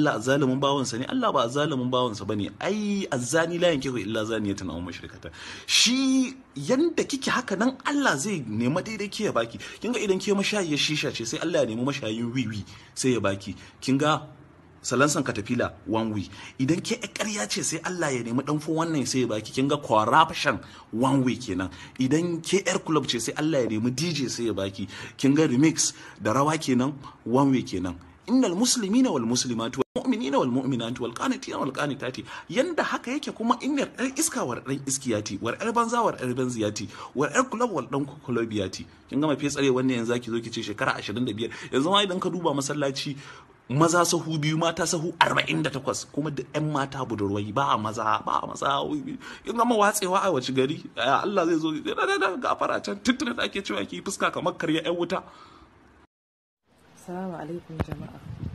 Allah azzalumin bawansa ne Allah ba azzalumin bawansa bane ai azzani la yankihu illa zaniyatan aw mushrikata shi yanda kike haka nan Allah zai nema daidai ke ya baki kinga idan ke mashayi ya shisha ce sai Allah ya nemi mashayin wiwi sai ya baki kinga salansan katafila one way idan ke ƙarya ce sai Allah ya nemi ɗanfo wannan sai ya baki kinga corruption one way kenan idan ke yar club ce sai Allah ya nemi DJ sai ya baki kinga remix da rawa kenan one way kenan innal muslimina wal muslimatu mu'minina wal mu'minati wal qanitina wal qanitati yanda haka yake kuma in yar iska war dan iskiyati war ɗan banza war ɗan banziyati war ɗan kulab wal dan kulabiyati kin gama fetsare wannan yanzu zaki zo ki ce shekara 25 yanzu ma idan ka duba masallaci maza sahu biyu mata sahu 48 kuma da 'yan mata budurwai ba a maza ba a maza in gama watsewa a wace gari Allah zai zo ga fara can tuntuna da ake cewa ki fuska kamar karya 'yan wuta Assalamu alaikum jama'a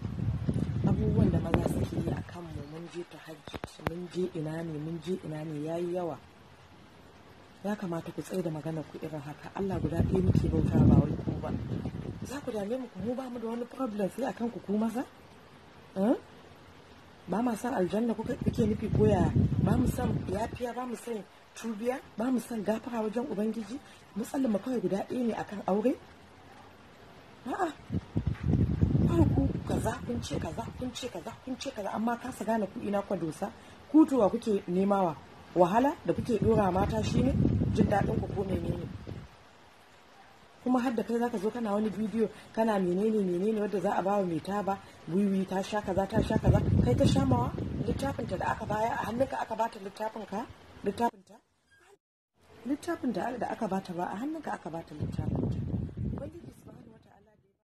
abubuwan da maza suke yi a kanmu mun je ta hajji mun je ina ne mun je ina ne ya yi yawa ya kamata ku tsaye da magana ku irin haka Allah guda ɗaya muke bauta ba wai ku ba za ku dame mu mu ba mu da wani problem sai akan ku ku maza eh? ba ma san aljanna kuka kake nufi koya ba mu san yafiya ba mu san tubiya ba mu san gafara wajen ubangiji mu mu kawai guda ɗaya ne akan aure a'a kaza kun ce kaza kun ce kaza kun ce kaza amma kasa gane ku ina kwa dosa kutuwa kuke nemawa wahala da kuke dora mata shine jin daɗin ku ko menene kuma har da kai zaka zo kana wani bidiyo kana menene menene wanda za a ba wa mai ba wiwi ta sha kaza ta sha kaza kai ta sha mawa ta da aka baya a hannunka aka bata littafin ka ta littafin da aka bata ba a hannunka aka bata littafin ta.